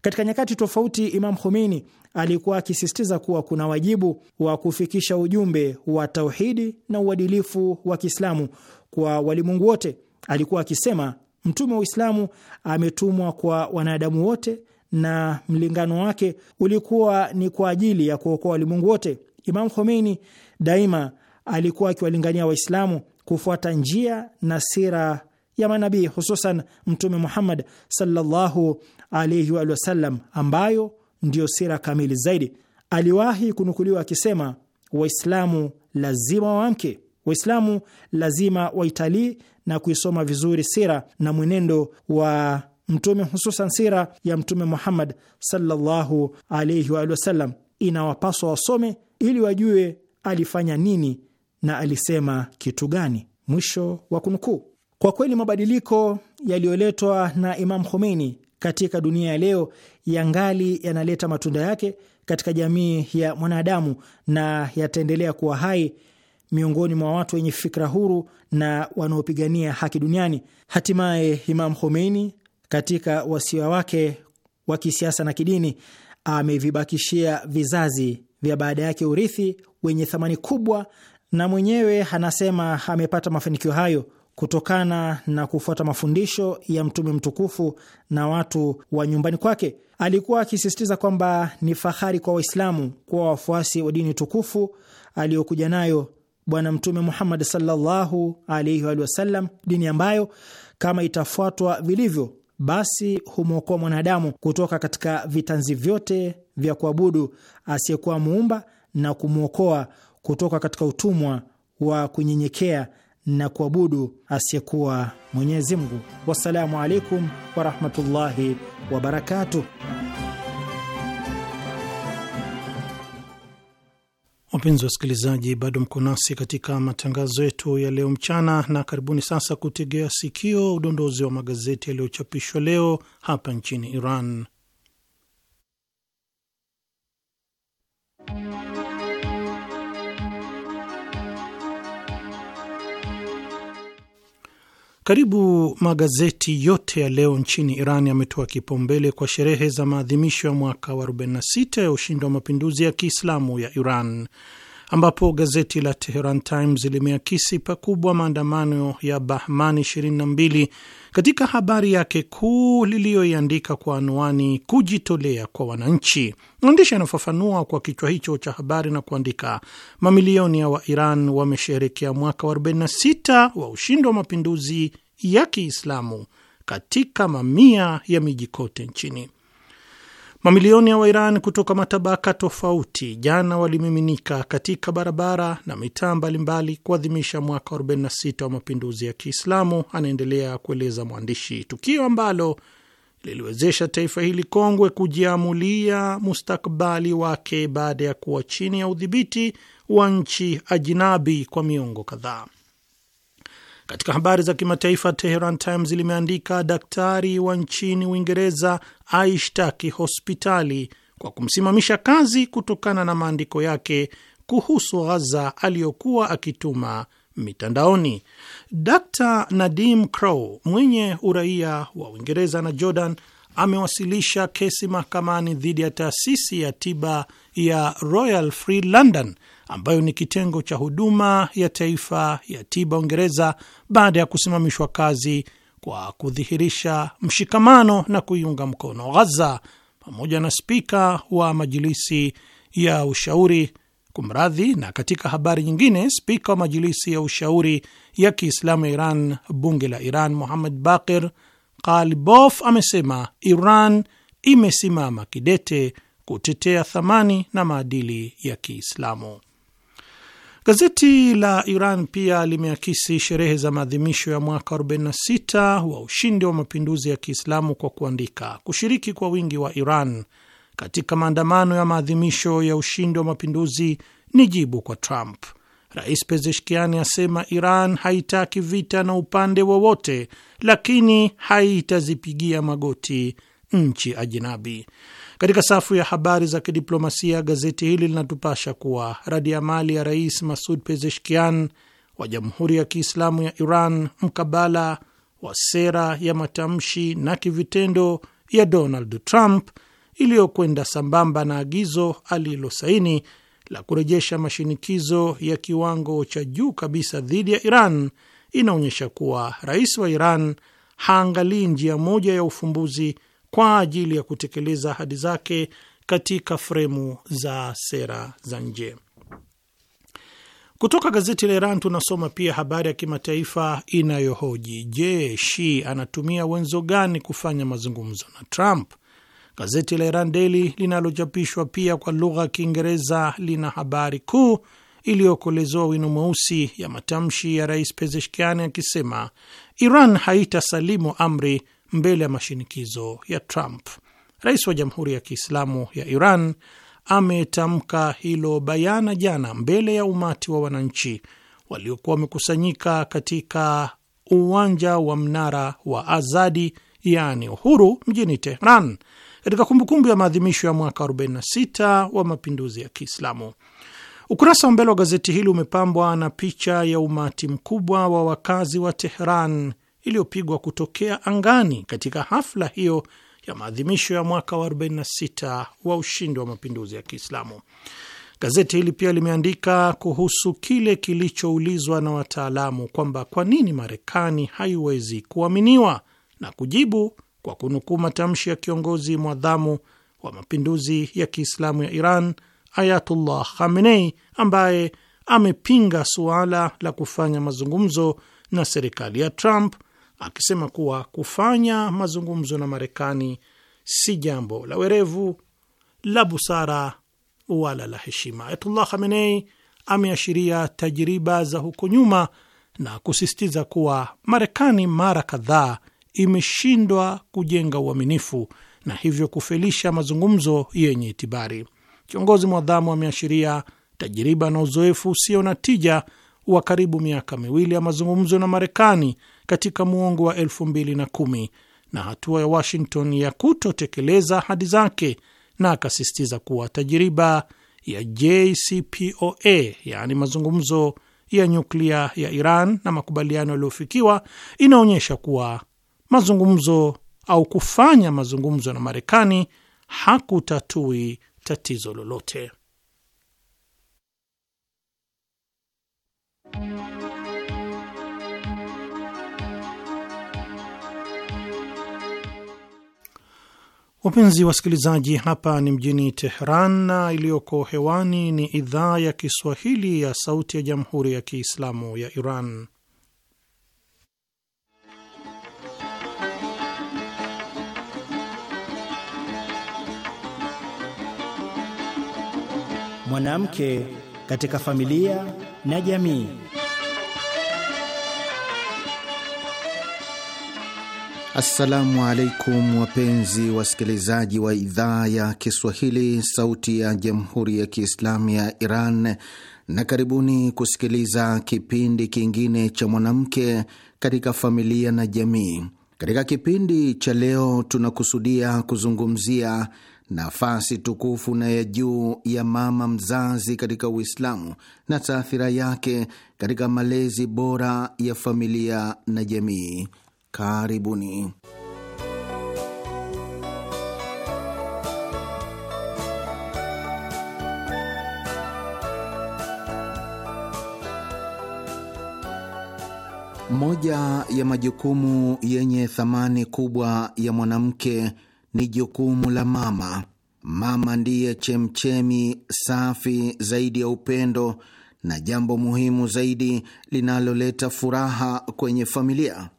[SPEAKER 2] Katika nyakati tofauti, Imam Khomeini alikuwa akisisitiza kuwa kuna wajibu wa kufikisha ujumbe wa tauhidi na uadilifu wa Kiislamu kwa walimwengu wote. Alikuwa akisema, mtume wa Uislamu ametumwa kwa wanadamu wote na mlingano wake ulikuwa ni kwa ajili ya kuokoa walimwengu wote. Imam Khomeini daima alikuwa akiwalingania Waislamu kufuata njia na sira ya manabii hususan Mtume Muhammad sallallahu alayhi wa sallam, ambayo ndiyo sira kamili zaidi. Aliwahi kunukuliwa akisema, Waislamu lazima waamke, Waislamu lazima waitalii na kuisoma vizuri sira na mwenendo wa Mtume, hususan sira ya Mtume Muhammad sallallahu alayhi wa sallam. Inawapaswa wasome ili wajue alifanya nini na alisema kitu gani? Mwisho wa kunukuu. Kwa kweli mabadiliko yaliyoletwa na Imam Khomeini katika dunia ya leo yangali yanaleta matunda yake katika jamii ya mwanadamu na yataendelea kuwa hai miongoni mwa watu wenye fikra huru na wanaopigania haki duniani. Hatimaye Imam Khomeini katika wasia wake wa kisiasa na kidini amevibakishia vizazi vya baada yake urithi wenye thamani kubwa na mwenyewe anasema amepata mafanikio hayo kutokana na kufuata mafundisho ya Mtume mtukufu na watu wa nyumbani kwake. Alikuwa akisisitiza kwamba ni fahari kwa Waislamu kuwa wafuasi wa dini tukufu aliyokuja nayo Bwana Mtume Muhammad sallallahu alaihi wa sallam, dini ambayo kama itafuatwa vilivyo, basi humwokoa mwanadamu kutoka katika vitanzi vyote vya kuabudu asiyekuwa muumba na kumwokoa kutoka katika utumwa wa kunyenyekea na kuabudu asiyekuwa Mwenyezi Mungu. Wassalamu alaikum warahmatullahi wabarakatuh.
[SPEAKER 1] Wapenzi wasikilizaji, bado mko nasi katika matangazo yetu ya leo mchana, na karibuni sasa kutegea sikio udondozi wa magazeti yaliyochapishwa leo hapa nchini Iran. Karibu magazeti yote ya leo nchini Iran yametoa kipaumbele kwa sherehe za maadhimisho ya mwaka wa 46 ya ushindi wa mapinduzi ya Kiislamu ya Iran ambapo gazeti la Teheran Times limeakisi pakubwa maandamano ya Bahman 22 katika habari yake kuu liliyoiandika kwa anwani kujitolea kwa wananchi. Mwandishi anafafanua kwa kichwa hicho cha habari na kuandika, mamilioni ya Wairan wamesherekea mwaka wa 46 wa ushindi wa mapinduzi ya Kiislamu katika mamia ya miji kote nchini. Mamilioni ya wairan kutoka matabaka tofauti jana walimiminika katika barabara na mitaa mbalimbali kuadhimisha mwaka 46 wa mapinduzi ya Kiislamu, anaendelea kueleza mwandishi, tukio ambalo liliwezesha taifa hili kongwe kujiamulia mustakbali wake baada ya kuwa chini ya udhibiti wa nchi ajinabi kwa miongo kadhaa. Katika habari za kimataifa, Teheran Times limeandika daktari wa nchini Uingereza aishtaki hospitali kwa kumsimamisha kazi kutokana na maandiko yake kuhusu Ghaza aliyokuwa akituma mitandaoni. Dr Nadim Crow mwenye uraia wa Uingereza na Jordan amewasilisha kesi mahakamani dhidi ya taasisi ya tiba ya Royal Free London ambayo ni kitengo cha huduma ya taifa ya tiba Uingereza baada ya kusimamishwa kazi kwa kudhihirisha mshikamano na kuiunga mkono Ghaza, pamoja na spika wa majilisi ya ushauri kumradhi. Na katika habari nyingine, spika wa majilisi ya ushauri ya Kiislamu ya Iran, bunge la Iran, Muhammad Bakir Qalbof amesema Iran imesimama kidete kutetea thamani na maadili ya Kiislamu. Gazeti la Iran pia limeakisi sherehe za maadhimisho ya mwaka 46 wa ushindi wa mapinduzi ya Kiislamu kwa kuandika, kushiriki kwa wingi wa Iran katika maandamano ya maadhimisho ya ushindi wa mapinduzi ni jibu kwa Trump. Rais Pezeshkiani asema Iran haitaki vita na upande wowote, lakini haitazipigia magoti nchi ajinabi. Katika safu ya habari za kidiplomasia, gazeti hili linatupasha kuwa radiamali ya Rais Masud Pezeshkian wa Jamhuri ya Kiislamu ya Iran mkabala wa sera ya matamshi na kivitendo ya Donald Trump iliyokwenda sambamba na agizo alilosaini la kurejesha mashinikizo ya kiwango cha juu kabisa dhidi ya Iran inaonyesha kuwa rais wa Iran haangalii njia moja ya ufumbuzi kwa ajili ya kutekeleza ahadi zake katika fremu za sera za nje. Kutoka gazeti la Iran tunasoma pia habari ya kimataifa inayohoji je, Shi anatumia wenzo gani kufanya mazungumzo na Trump? Gazeti la Iran Daily linalochapishwa pia kwa lugha ya Kiingereza lina habari kuu iliyokolezewa wino mweusi ya matamshi ya Rais Pezeshkiani akisema Iran haitasalimu amri mbele ya mashinikizo ya Trump. Rais wa Jamhuri ya Kiislamu ya Iran ametamka hilo bayana jana mbele ya umati wa wananchi waliokuwa wamekusanyika katika uwanja wa mnara wa Azadi yaani Uhuru mjini Tehran katika kumbukumbu ya maadhimisho ya mwaka 46 wa mapinduzi ya Kiislamu. Ukurasa wa mbele wa gazeti hili umepambwa na picha ya umati mkubwa wa wakazi wa Tehran iliyopigwa kutokea angani katika hafla hiyo ya maadhimisho ya mwaka wa 46 wa ushindi wa mapinduzi ya Kiislamu. Gazeti hili pia limeandika kuhusu kile kilichoulizwa na wataalamu kwamba kwa nini Marekani haiwezi kuaminiwa na kujibu kwa kunukuu matamshi ya kiongozi mwadhamu wa mapinduzi ya Kiislamu ya Iran Ayatullah Khamenei ambaye amepinga suala la kufanya mazungumzo na serikali ya Trump akisema kuwa kufanya mazungumzo na Marekani si jambo la werevu, la busara wala la heshima. Ayatullah Khamenei ameashiria tajiriba za huko nyuma na kusisitiza kuwa Marekani mara kadhaa imeshindwa kujenga uaminifu na hivyo kufelisha mazungumzo yenye itibari. Kiongozi mwadhamu ameashiria tajiriba na uzoefu usio na tija wa karibu miaka miwili ya mazungumzo na Marekani katika muongo wa 2010 na hatua ya Washington ya kutotekeleza ahadi zake, na akasisitiza kuwa tajiriba ya JCPOA yaani mazungumzo ya nyuklia ya Iran na makubaliano yaliyofikiwa inaonyesha kuwa mazungumzo au kufanya mazungumzo na Marekani hakutatui tatizo lolote. Wapenzi wasikilizaji, hapa ni mjini Teheran na iliyoko hewani ni idhaa ya Kiswahili ya Sauti ya Jamhuri ya Kiislamu ya Iran.
[SPEAKER 2] Mwanamke katika familia
[SPEAKER 3] na jamii. Assalamu alaikum wapenzi wasikilizaji wa idhaa ya Kiswahili, sauti ya jamhuri ya kiislamu ya Iran, na karibuni kusikiliza kipindi kingine cha mwanamke katika familia na jamii. Katika kipindi cha leo, tunakusudia kuzungumzia nafasi tukufu na ya juu ya mama mzazi katika Uislamu na taathira yake katika malezi bora ya familia na jamii. Karibuni. Moja ya majukumu yenye thamani kubwa ya mwanamke ni jukumu la mama. Mama ndiye chemchemi safi zaidi ya upendo na jambo muhimu zaidi linaloleta furaha kwenye familia.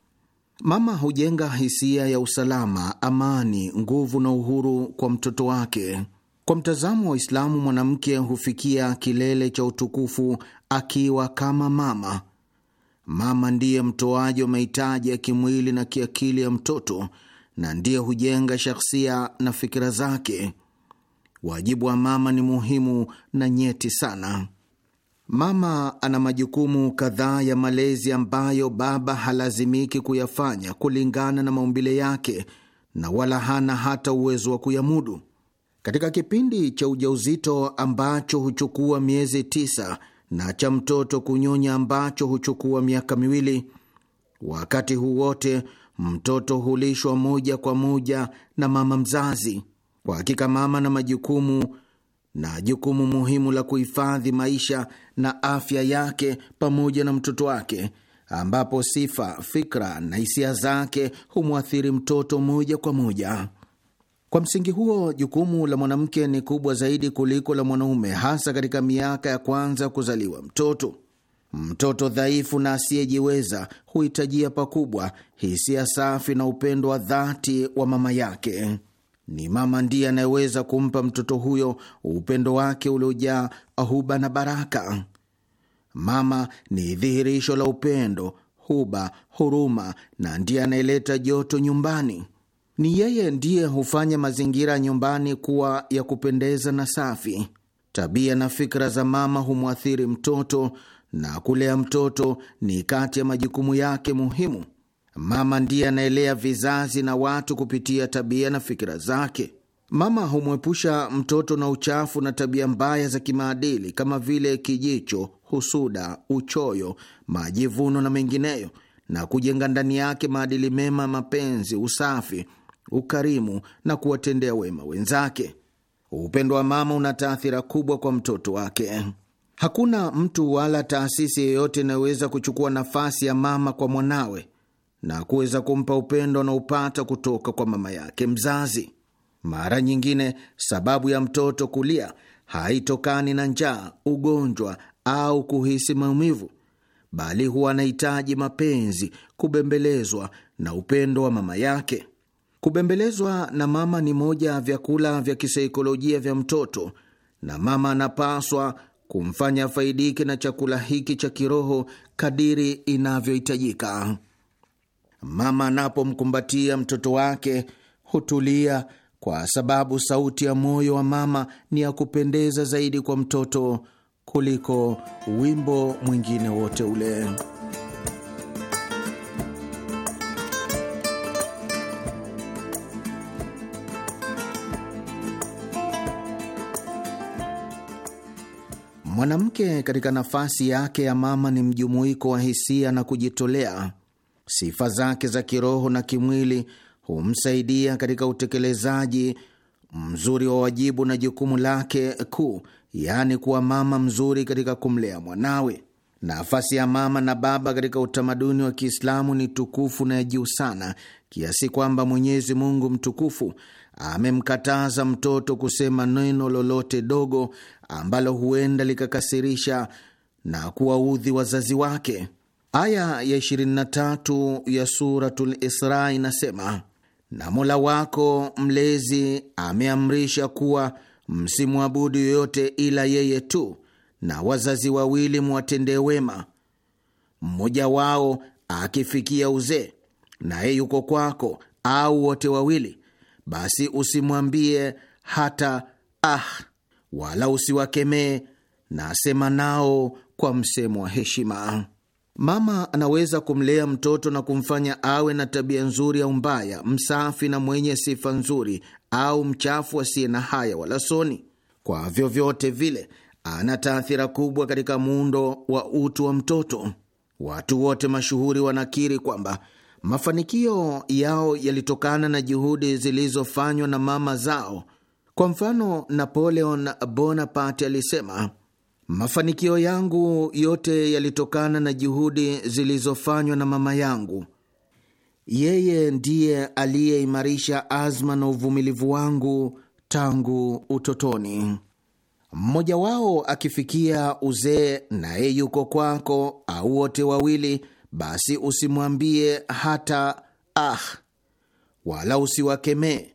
[SPEAKER 3] Mama hujenga hisia ya usalama, amani, nguvu na uhuru kwa mtoto wake. Kwa mtazamo wa Uislamu, mwanamke hufikia kilele cha utukufu akiwa kama mama. Mama ndiye mtoaji wa mahitaji ya kimwili na kiakili ya mtoto na ndiye hujenga shakhsia na fikira zake. Wajibu wa mama ni muhimu na nyeti sana. Mama ana majukumu kadhaa ya malezi ambayo baba halazimiki kuyafanya kulingana na maumbile yake na wala hana hata uwezo wa kuyamudu. Katika kipindi cha ujauzito ambacho huchukua miezi tisa na cha mtoto kunyonya ambacho huchukua miaka miwili, wakati huu wote mtoto hulishwa moja kwa moja na mama mzazi. Kwa hakika mama na majukumu na jukumu muhimu la kuhifadhi maisha na afya yake pamoja na mtoto wake, ambapo sifa, fikra na hisia zake humwathiri mtoto moja kwa moja. Kwa msingi huo, jukumu la mwanamke ni kubwa zaidi kuliko la mwanaume, hasa katika miaka ya kwanza kuzaliwa mtoto. Mtoto dhaifu na asiyejiweza huhitajia pakubwa hisia safi na upendo wa dhati wa mama yake. Ni mama ndiye anayeweza kumpa mtoto huyo upendo wake uliojaa huba na baraka. Mama ni dhihirisho la upendo, huba, huruma na ndiye anayeleta joto nyumbani. Ni yeye ndiye hufanya mazingira ya nyumbani kuwa ya kupendeza na safi. Tabia na fikra za mama humwathiri mtoto, na kulea mtoto ni kati ya majukumu yake muhimu. Mama ndiye anaelea vizazi na watu kupitia tabia na fikira zake. Mama humwepusha mtoto na uchafu na tabia mbaya za kimaadili kama vile kijicho, husuda, uchoyo, majivuno na mengineyo, na kujenga ndani yake maadili mema, mapenzi, usafi, ukarimu na kuwatendea wema wenzake. Upendo wa mama una taathira kubwa kwa mtoto wake. Hakuna mtu wala taasisi yeyote inayoweza kuchukua nafasi ya mama kwa mwanawe na kuweza kumpa upendo anaopata kutoka kwa mama yake mzazi. Mara nyingine sababu ya mtoto kulia haitokani na njaa, ugonjwa au kuhisi maumivu, bali huwa anahitaji mapenzi, kubembelezwa na upendo wa mama yake. Kubembelezwa na mama ni moja ya vyakula vya kisaikolojia vya mtoto, na mama anapaswa kumfanya afaidike na chakula hiki cha kiroho kadiri inavyohitajika. Mama anapomkumbatia mtoto wake hutulia, kwa sababu sauti ya moyo wa mama ni ya kupendeza zaidi kwa mtoto kuliko wimbo mwingine wote ule. Mwanamke katika nafasi yake ya mama ni mjumuiko wa hisia na kujitolea. Sifa zake za kiroho na kimwili humsaidia katika utekelezaji mzuri wa wajibu na jukumu lake kuu, yaani kuwa mama mzuri katika kumlea mwanawe. Nafasi ya mama na baba katika utamaduni wa Kiislamu ni tukufu na ya juu sana, kiasi kwamba Mwenyezi Mungu mtukufu amemkataza mtoto kusema neno lolote dogo ambalo huenda likakasirisha na kuwaudhi wazazi wake. Aya ya 23 ya Suratul Isra inasema, na Mola wako mlezi ameamrisha kuwa msimwabudu yoyote ila yeye tu, na wazazi wawili mwatendee wema, mmoja wao akifikia uzee naye yuko kwako, au wote wawili, basi usimwambie hata ah, wala usiwakemee, na asema nao kwa msemo wa heshima. Mama anaweza kumlea mtoto na kumfanya awe na tabia nzuri au mbaya, msafi na mwenye sifa nzuri au mchafu, asiye na haya wala soni. Kwa vyovyote vile, ana taathira kubwa katika muundo wa utu wa mtoto. Watu wote mashuhuri wanakiri kwamba mafanikio yao yalitokana na juhudi zilizofanywa na mama zao. Kwa mfano, Napoleon Bonaparte alisema Mafanikio yangu yote yalitokana na juhudi zilizofanywa na mama yangu. Yeye ndiye aliyeimarisha azma na uvumilivu wangu tangu utotoni. Mmoja wao akifikia uzee naye yuko kwako, au wote wawili, basi usimwambie hata ah, wala usiwakemee.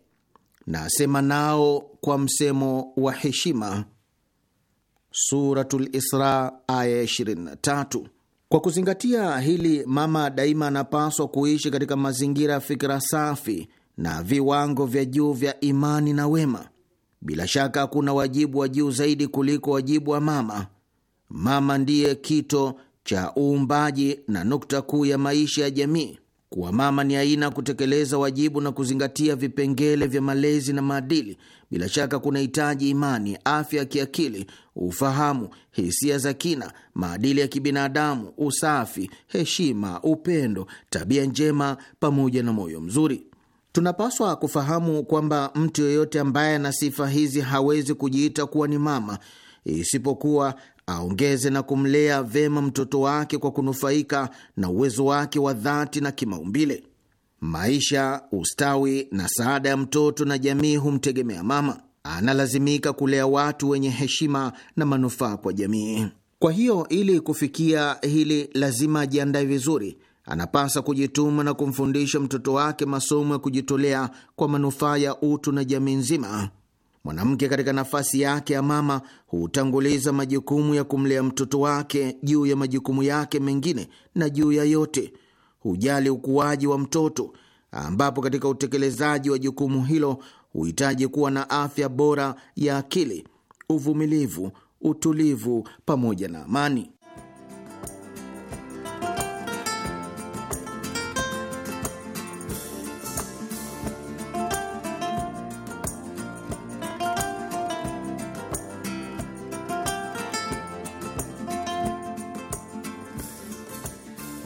[SPEAKER 3] Nasema nao kwa msemo wa heshima. Suratul Isra aya 23. Kwa kuzingatia hili, mama daima anapaswa kuishi katika mazingira ya fikira safi na viwango vya juu vya imani na wema. Bila shaka hakuna wajibu wa juu zaidi kuliko wajibu wa mama. Mama ndiye kito cha uumbaji na nukta kuu ya maisha ya jamii. Kuwa mama ni aina kutekeleza wajibu na kuzingatia vipengele vya malezi na maadili. Bila shaka kunahitaji imani, afya ya kiakili, ufahamu, hisia za kina, maadili ya kibinadamu, usafi, heshima, upendo, tabia njema, pamoja na moyo mzuri. Tunapaswa kufahamu kwamba mtu yeyote ambaye ana sifa hizi hawezi kujiita kuwa ni mama, isipokuwa aongeze na kumlea vema mtoto wake kwa kunufaika na uwezo wake wa dhati na kimaumbile. Maisha, ustawi na saada ya mtoto na jamii humtegemea mama. Analazimika kulea watu wenye heshima na manufaa kwa jamii. Kwa hiyo, ili kufikia hili, lazima ajiandae vizuri. Anapasa kujituma na kumfundisha mtoto wake masomo ya kujitolea kwa manufaa ya utu na jamii nzima. Mwanamke katika nafasi yake ya mama hutanguliza majukumu ya kumlea mtoto wake juu ya majukumu yake mengine, na juu ya yote hujali ukuaji wa mtoto, ambapo katika utekelezaji wa jukumu hilo huhitaji kuwa na afya bora ya akili, uvumilivu, utulivu pamoja na amani.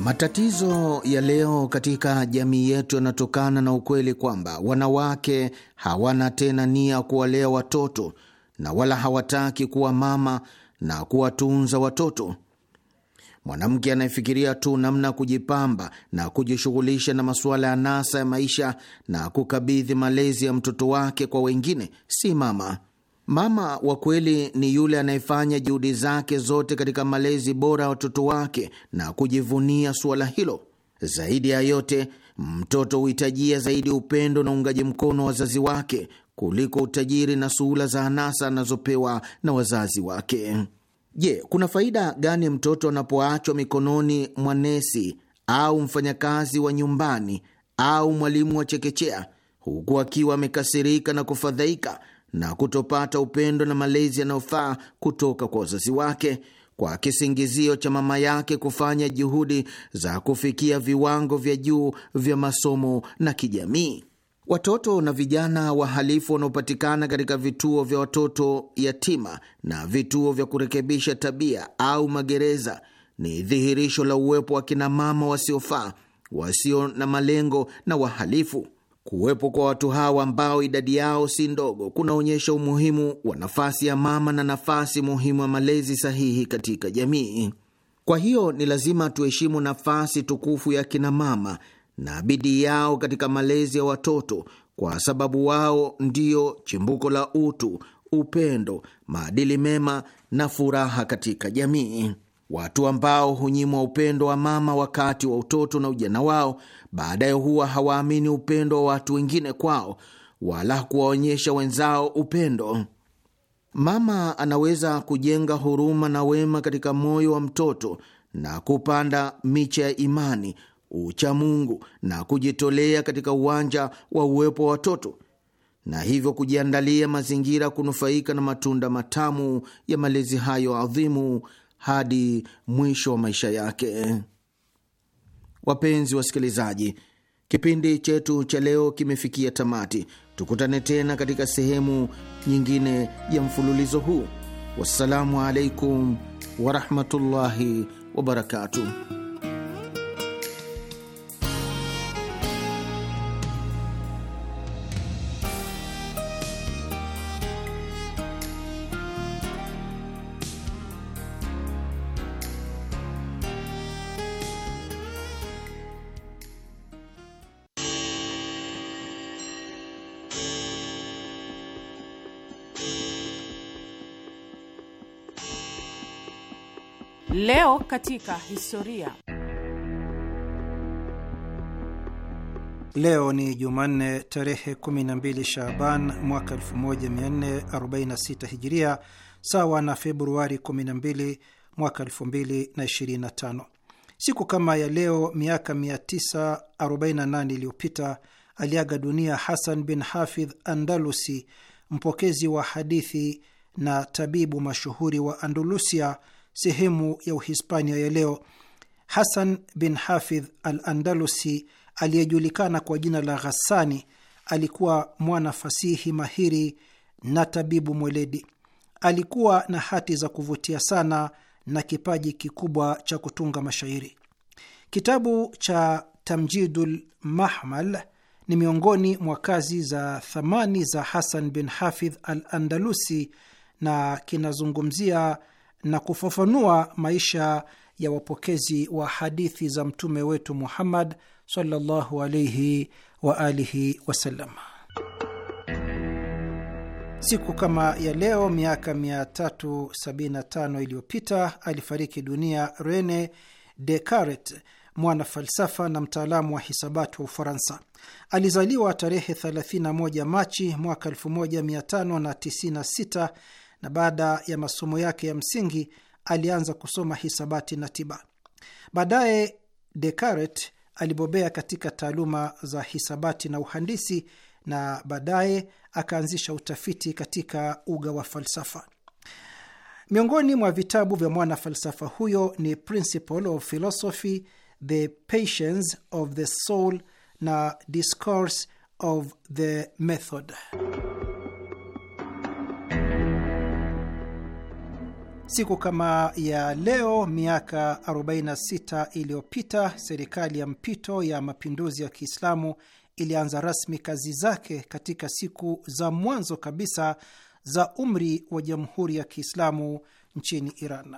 [SPEAKER 3] Matatizo ya leo katika jamii yetu yanatokana na ukweli kwamba wanawake hawana tena nia kuwalea watoto na wala hawataki kuwa mama na kuwatunza watoto. Mwanamke anayefikiria tu namna ya kujipamba na kujishughulisha na masuala ya nasa ya maisha na kukabidhi malezi ya mtoto wake kwa wengine si mama. Mama wa kweli ni yule anayefanya juhudi zake zote katika malezi bora ya watoto wake na kujivunia suala hilo. Zaidi ya yote, mtoto huhitajia zaidi upendo na uungaji mkono wa wazazi wake kuliko utajiri na suhula za anasa anazopewa na wazazi wake. Je, kuna faida gani mtoto anapoachwa mikononi mwa nesi au mfanyakazi wa nyumbani au mwalimu wa chekechea, huku akiwa amekasirika na kufadhaika na kutopata upendo na malezi yanayofaa kutoka kwa wazazi wake kwa kisingizio cha mama yake kufanya juhudi za kufikia viwango vya juu vya masomo na kijamii. Watoto na vijana wahalifu wanaopatikana katika vituo vya watoto yatima na vituo vya kurekebisha tabia au magereza ni dhihirisho la uwepo wa kinamama wasiofaa, wasio na malengo na wahalifu Kuwepo kwa watu hawa ambao idadi yao si ndogo kunaonyesha umuhimu wa nafasi ya mama na nafasi muhimu ya malezi sahihi katika jamii. Kwa hiyo ni lazima tuheshimu nafasi tukufu ya kinamama na bidii yao katika malezi ya watoto, kwa sababu wao ndio chimbuko la utu, upendo, maadili mema na furaha katika jamii. Watu ambao hunyimwa upendo wa mama wakati wa utoto na ujana wao, baadaye huwa hawaamini upendo wa watu wengine kwao, wala kuwaonyesha wenzao upendo. Mama anaweza kujenga huruma na wema katika moyo wa mtoto na kupanda miche ya imani, uchamungu na kujitolea katika uwanja wa uwepo wa watoto na hivyo kujiandalia mazingira kunufaika na matunda matamu ya malezi hayo adhimu hadi mwisho wa maisha yake. Wapenzi wasikilizaji, kipindi chetu cha leo kimefikia tamati. Tukutane tena katika sehemu nyingine ya mfululizo huu. Wassalamu alaikum warahmatullahi wabarakatuh.
[SPEAKER 2] Leo katika
[SPEAKER 4] historia.
[SPEAKER 5] Leo ni Jumanne tarehe 12 Shaaban mwaka 1446 Hijiria, sawa na Februari 12 mwaka 2025. Siku kama ya leo miaka 948 iliyopita aliaga dunia Hasan bin Hafidh Andalusi, mpokezi wa hadithi na tabibu mashuhuri wa Andalusia sehemu ya Uhispania ya leo. Hasan bin Hafidh al Andalusi aliyejulikana kwa jina la Ghassani alikuwa mwana fasihi mahiri na tabibu mweledi. Alikuwa na hati za kuvutia sana na kipaji kikubwa cha kutunga mashairi. Kitabu cha Tamjidul Mahmal ni miongoni mwa kazi za thamani za Hasan bin Hafidh al Andalusi na kinazungumzia na kufafanua maisha ya wapokezi wa hadithi za mtume wetu Muhammad sallallahu alaihi wa alihi wasallam. Siku kama ya leo miaka 375 iliyopita alifariki dunia Rene Descartes, mwana falsafa na mtaalamu wa hisabati wa Ufaransa. Alizaliwa tarehe 31 Machi mwaka 1596 na baada ya masomo yake ya msingi alianza kusoma hisabati na tiba. Baadaye Descartes alibobea katika taaluma za hisabati na uhandisi na baadaye akaanzisha utafiti katika uga wa falsafa. Miongoni mwa vitabu vya mwana falsafa huyo ni Principle of Philosophy, The Patience of the Soul na Discourse of the Method. Siku kama ya leo miaka 46 iliyopita serikali ya mpito ya mapinduzi ya Kiislamu ilianza rasmi kazi zake katika siku za mwanzo kabisa za umri wa Jamhuri ya Kiislamu nchini Iran.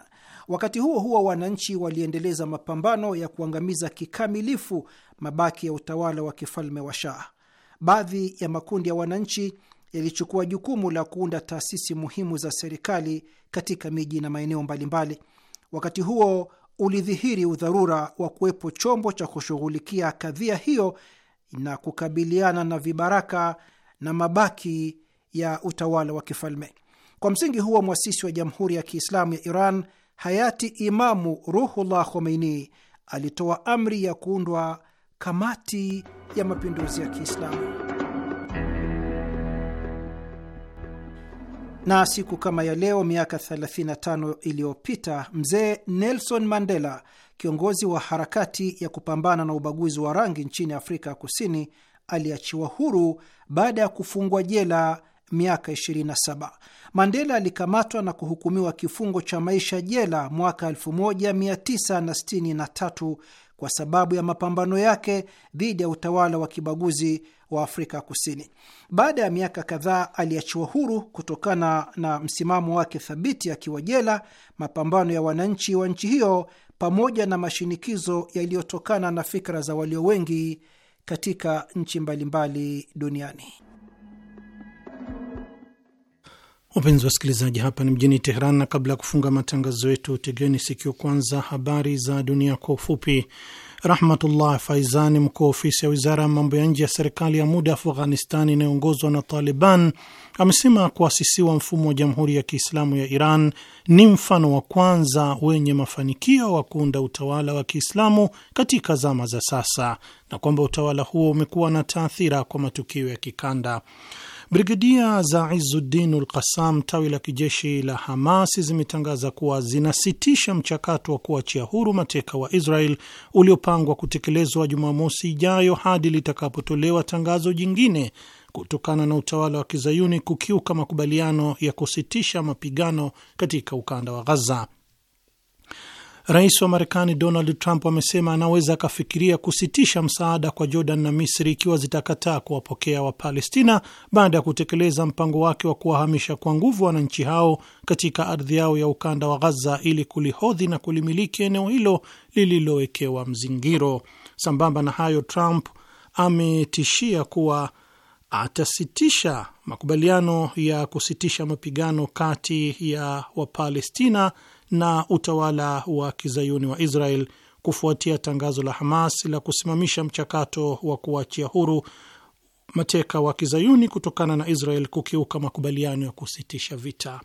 [SPEAKER 5] Wakati huo huo, wananchi waliendeleza mapambano ya kuangamiza kikamilifu mabaki ya utawala wa kifalme wa Shah. Baadhi ya makundi ya wananchi yalichukua jukumu la kuunda taasisi muhimu za serikali katika miji na maeneo mbalimbali. Wakati huo ulidhihiri udharura wa kuwepo chombo cha kushughulikia kadhia hiyo na kukabiliana na vibaraka na mabaki ya utawala wa kifalme. Kwa msingi huo, mwasisi wa Jamhuri ya Kiislamu ya Iran hayati Imamu Ruhullah Khomeini alitoa amri ya kuundwa kamati ya mapinduzi ya Kiislamu. Na siku kama ya leo miaka 35 iliyopita mzee Nelson Mandela, kiongozi wa harakati ya kupambana na ubaguzi wa rangi nchini Afrika ya Kusini, aliachiwa huru baada ya kufungwa jela miaka 27. Mandela alikamatwa na kuhukumiwa kifungo cha maisha jela mwaka 1963 kwa sababu ya mapambano yake dhidi ya utawala wa kibaguzi wa Afrika Kusini. Baada ya miaka kadhaa, aliachiwa huru kutokana na msimamo wake thabiti akiwa jela, mapambano ya wananchi wa nchi hiyo, pamoja na mashinikizo yaliyotokana na fikra za walio wengi katika nchi mbalimbali duniani.
[SPEAKER 1] Wapenzi wasikilizaji, hapa ni mjini Teheran, na kabla ya kufunga matangazo yetu, tegeni sikio kwanza habari za dunia kwa ufupi. Rahmatullah Faizani, mkuu wa ofisi ya wizara ya mambo ya nje ya serikali ya muda Afghanistani inayoongozwa na Taliban, amesema kuasisiwa mfumo wa Jamhuri ya Kiislamu ya Iran ni mfano wa kwanza wenye mafanikio wa kuunda utawala wa Kiislamu katika zama za sasa na kwamba utawala huo umekuwa na taathira kwa matukio ya kikanda. Brigedia za Izuddin ul Qassam, tawi la kijeshi la Hamasi, zimetangaza kuwa zinasitisha mchakato wa kuachia huru mateka wa Israel uliopangwa kutekelezwa Jumamosi ijayo hadi litakapotolewa tangazo jingine kutokana na utawala wa kizayuni kukiuka makubaliano ya kusitisha mapigano katika ukanda wa Ghaza. Rais wa Marekani Donald Trump amesema anaweza akafikiria kusitisha msaada kwa Jordan na Misri ikiwa zitakataa kuwapokea Wapalestina baada ya kutekeleza mpango wake wa kuwahamisha kwa nguvu wananchi hao katika ardhi yao ya ukanda wa Ghaza ili kulihodhi na kulimiliki eneo hilo lililowekewa mzingiro. Sambamba na hayo, Trump ametishia kuwa atasitisha makubaliano ya kusitisha mapigano kati ya Wapalestina na utawala wa kizayuni wa Israel kufuatia tangazo la Hamas la kusimamisha mchakato wa kuachia huru mateka wa kizayuni kutokana na Israel kukiuka makubaliano ya kusitisha vita.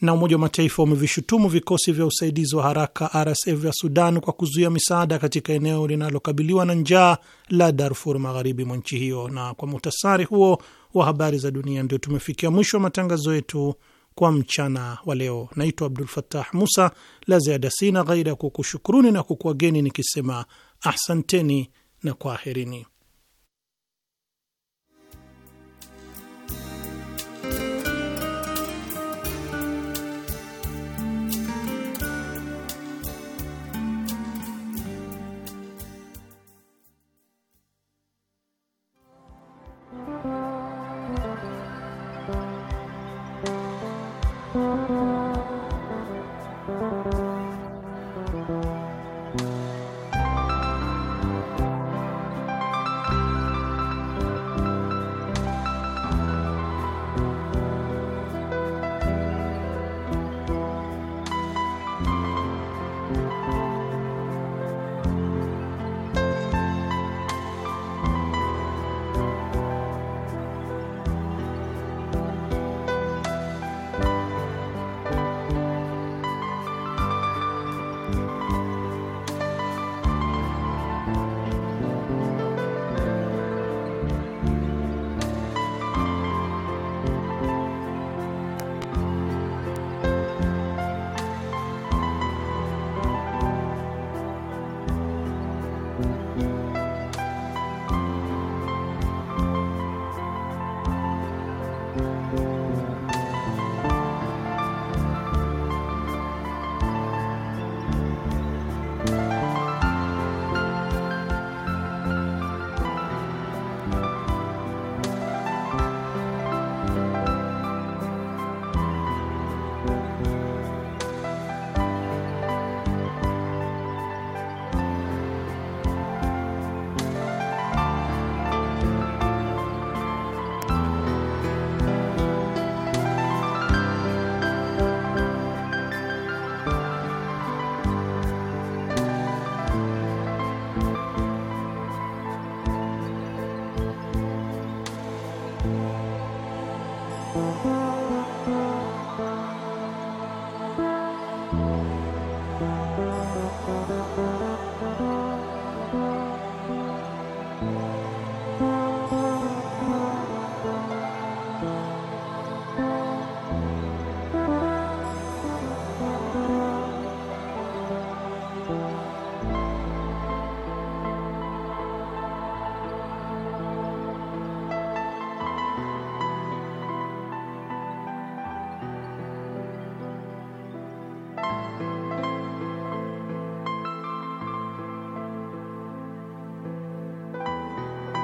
[SPEAKER 1] Na Umoja wa Mataifa umevishutumu vikosi vya usaidizi wa haraka RSF vya Sudan kwa kuzuia misaada katika eneo linalokabiliwa na njaa la Darfur magharibi mwa nchi hiyo. Na kwa muhtasari huo wa habari za dunia, ndio tumefikia mwisho wa matangazo yetu kwa mchana wa leo. Naitwa Abdul Fatah Musa. La ziada sina ghairi ya kukushukuruni na kukuageni nikisema ahsanteni na kwaherini.